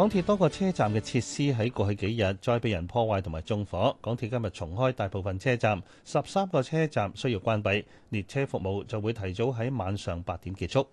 港鐵多個車站嘅設施喺過去幾日再被人破壞同埋縱火，港鐵今日重開大部分車站，十三個車站需要關閉，列車服務就會提早喺晚上八點結束。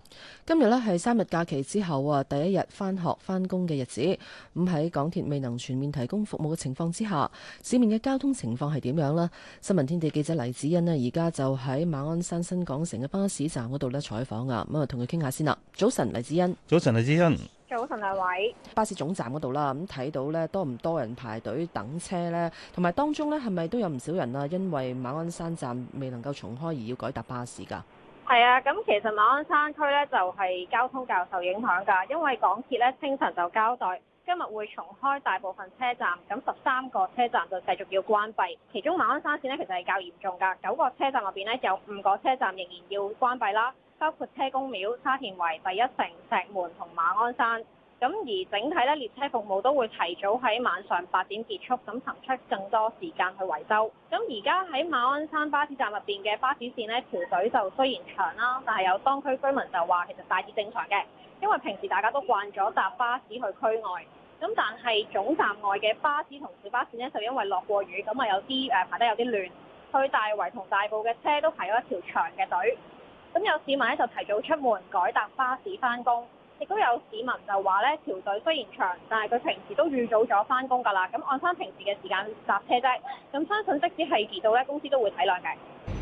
今日咧係三日假期之後啊，第一日返學返工嘅日子，咁喺港鐵未能全面提供服務嘅情況之下，市面嘅交通情況係點樣呢？新聞天地記者黎芷欣咧，而家就喺馬鞍山新港城嘅巴士站嗰度咧採訪啊，咁啊同佢傾下先啦。早晨，黎芷欣。早晨，黎芷欣。早晨，兩位巴士總站嗰度啦，咁睇到咧多唔多人排隊等車咧，同埋當中咧係咪都有唔少人啊？因為馬鞍山站未能夠重開而要改搭巴士噶？係啊，咁其實馬鞍山區咧就係交通較受影響噶，因為港鐵咧清晨就交代，今日會重開大部分車站，咁十三個車站就繼續要關閉，其中馬鞍山線咧其實係較嚴重噶，九個車站入邊咧有五個車站仍然要關閉啦。包括車公廟、沙田圍、第一城、石門同馬鞍山，咁而整體咧列車服務都會提早喺晚上八點結束，咁騰出更多時間去維修。咁而家喺馬鞍山巴士站入邊嘅巴士線呢，條隊就雖然長啦，但係有當區居民就話其實大致正常嘅，因為平時大家都慣咗搭巴士去區外。咁但係總站外嘅巴士同小巴線呢，就因為落過雨，咁啊有啲誒排得有啲亂，去大圍同大埔嘅車都排咗一條長嘅隊。咁有市民咧就提早出門改搭巴士翻工，亦都有市民就話咧，條隊雖然長，但係佢平時都預早咗翻工㗎啦。咁按翻平時嘅時間搭車啫。咁相信即使係遲到咧，公司都會體諒嘅。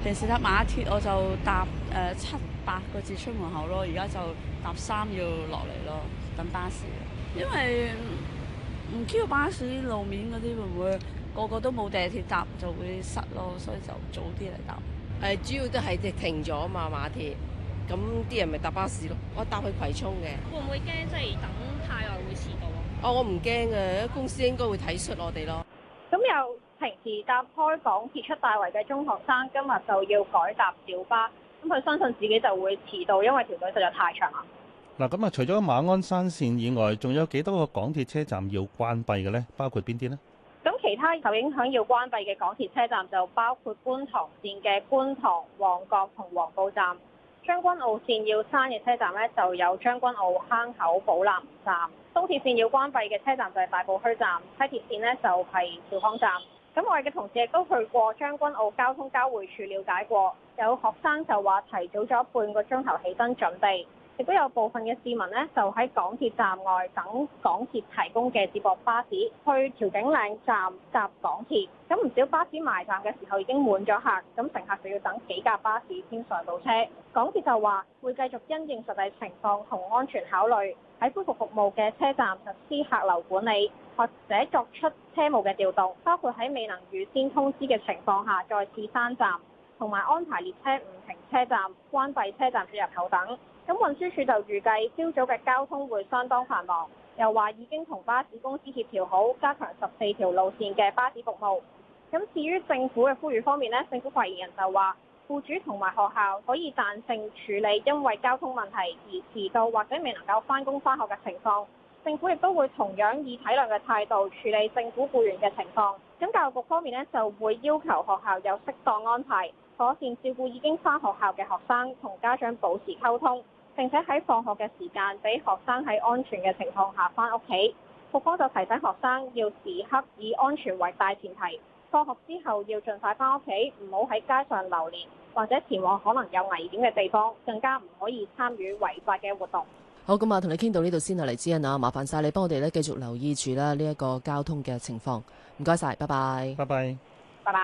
平時搭馬鐵我就搭誒、呃、七八個字出門口咯，而家就搭三要落嚟咯，等巴士。因為唔知道巴士路面嗰啲會唔會個個都冇地鐵搭就會塞咯，所以就早啲嚟搭。誒主要都係停咗啊嘛馬鐵，咁啲人咪搭巴士咯。我搭去葵涌嘅。會唔會驚即係等太耐會遲到？哦，我唔驚嘅，公司應該會體恤我哋咯。咁又平時搭開港鐵出大圍嘅中學生，今日就要改搭小巴，咁佢相信自己就會遲到，因為條隊實在太長啦。嗱，咁啊，除咗馬鞍山線以外，仲有幾多個港鐵車站要關閉嘅咧？包括邊啲咧？咁其他受影響要關閉嘅港鐵車站就包括觀塘線嘅觀塘、旺角同黃埔站。將軍澳線要關嘅車站呢，就有將軍澳、坑口、寶琳站。東鐵線要關閉嘅車站就係大埔墟站。西鐵線呢，就係兆康站。咁我哋嘅同事亦都去過將軍澳交通交匯處了解過，有學生就話提早咗半個鐘頭起身準備。亦都有部分嘅市民呢，就喺港鐵站外等港鐵提供嘅接駁巴士去調景嶺站搭港鐵，咁唔少巴士埋站嘅時候已經滿咗客，咁乘客就要等幾架巴士先上到車。港鐵就話會繼續因應實際情況同安全考慮，喺恢復服務嘅車站實施客流管理，或者作出車務嘅調動，包括喺未能預先通知嘅情況下再次閂站，同埋安排列車唔停車站、關閉車站出入口等。咁運輸署就預計朝早嘅交通會相當繁忙，又話已經同巴士公司協調好，加強十四條路線嘅巴士服務。咁至於政府嘅呼籲方面呢，政府發言人就話，雇主同埋學校可以彈性處理因為交通問題而遲到或者未能夠返工返學嘅情況。政府亦都會同樣以體諒嘅態度處理政府雇員嘅情況。咁教育局方面呢，就會要求學校有適當安排，妥善照顧已經返學校嘅學生同家長保持溝通。並且喺放學嘅時間，俾學生喺安全嘅情況下翻屋企。警方就提醒學生要時刻以安全為大前提，放學之後要儘快翻屋企，唔好喺街上流連，或者前往可能有危險嘅地方，更加唔可以參與違法嘅活動。好，咁啊，同你傾到呢度先啊，黎芷欣啊，麻煩晒，你幫我哋咧繼續留意住啦，呢一個交通嘅情況。唔該晒。拜拜。拜拜。拜拜。拜拜。